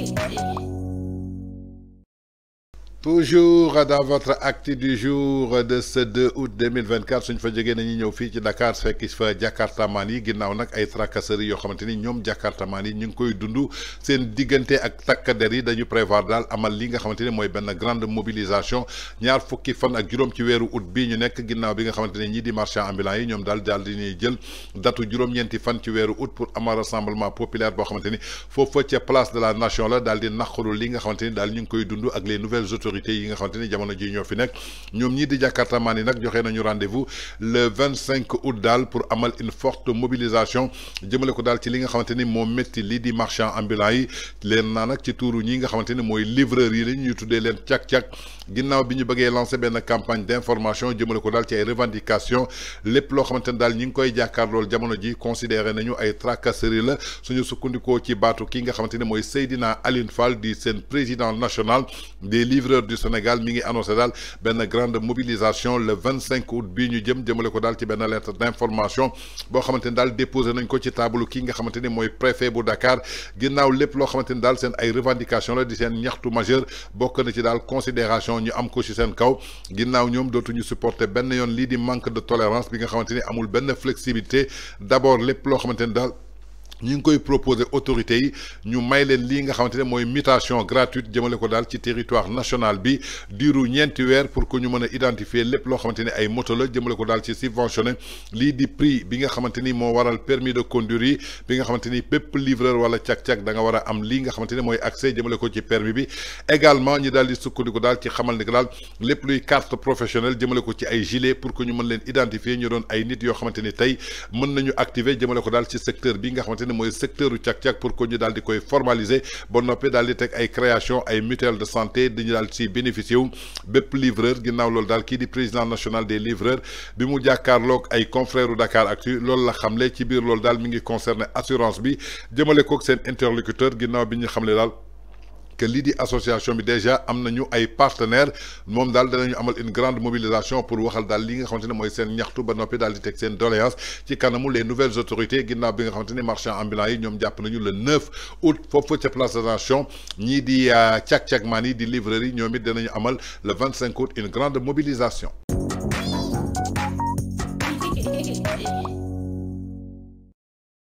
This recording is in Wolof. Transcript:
Yeah. toujours dans votre acte du jour de ce 2 août 2024 suñ fa jógee nañu ñëw fii ci Dakar fekk fa jakartamaan yi ginnaaw nag ay tracasseries yoo xamante ni ñoom jakartamaan yi ñu ngi koy dund seen diggante ak takk yi dañu prévoir dal amal li nga xamanteni moy mooy benn grande mobilisation ñaar fukki fan ak juroom ci wéru août bi ñu nekk ginnaw bi nga xamanteni ñi di marchands ambulant yi ñom dal dal di ñuy jël datu juroom ñenti fan ci wéru août pour amal rassemblement populaire bo xamanteni fofu ci place de la nation la dal di naqalu li nga xamanteni dal daal ñu koy dundu ak les nouvelles autorités autorités yi nga xamanteni jamono ji ñoo fi nekk ñom ñi di jakarta mani nak joxé nañu rendez-vous le 25 août d'Al pour amal une forte mobilisation jëmele ko dal ci li nga xamanteni mo metti li di marchand ambulant yi leen na nak ci touru ñi nga xamanteni moy livreur yi la ñuy tuddee leen ciak càq bi ñu bëggee lancé benn campagne d'information jëmele ko dal ci ay revendications lepp lo xamanteni dal daal ñi ngi koy jàkkaarlool jamono ji considéré nañu ay tracasserie la suñu sukkundiko ci batu ki nga xamanteni moy Seydina Aline Fall di sen président national des livreurs leader du Sénégal mi ngi annoncé dal ben grande mobilisation le 25 août bi ñu jëm jëmale ko dal ci ben lettre d'information bo boo dal ni déposé nañ ko ci taabalu ki nga xamante moy préfet bu Dakar ginnaw lepp lo xamante dal sen ay revendication la di sen ñaxtu majeur bokk na ci dal considération ñu am ko ci sen kaw ñom ñoom ñu supporter ben yoon li di manque de tolérance bi nga xamante amul ben flexibilité D'abord, lepp lo loo dal ñu ngi koy proposer autorité yi ñu may leen li nga xamante ne mooy mutation gratuite jëmale ko daal ci territoire national bi diru ñeenti weer pour que ñu mën a identifier lépp loo xamante ni ay moto la jëmale ko daal ci subventionné lii di prix bi nga xamante ni moo waral permis de conduire yi bi nga xamante ni bépp livreur wala cag-cag da nga war a am lii nga xamante ni mooy accès jëmale ko ci permis bi également ñi daal di sukkandiku daal ci xamal ni ko daal lépp luy carte professionnelle jëmale ko ci ay gilet pour que ñu mën leen identifier ñu doon ay nit yoo xamante ni tey mën nañu activer jëmale ko daal ci secteur bi nga xamante ne secteur du càq-càq pour que ñu daal di koy formaliser bon noppi dal di teg ay création ay mutuelle de santé di ñu daal ci bénéficier wu bépp livreur ginnaaw loolu daal di président national des livreurs bi mu jàkkaarloog ay confrères u Dakar Actu lool la xamlé ci bir lool dal mi ngi concerner assurance bi jëmale koog sen interlocuteur ginnaw bi ñu xamle daal que l'idée di association bi déjà am à ay partenaires moom daal danañu amal une grande mobilisation pour voir dans li nga xamante ne mooy seen ñaxtu ba noppi daal di doléance ci kanamu les nouvelles autorités qui bi nga xamante ne marchands ambulants yi ñoom jàpp nañu le 9 août foofu ca place de ni dit à di euh, càq-càq maan yi di livreurs yi amal le 25 août une grande mobilisation.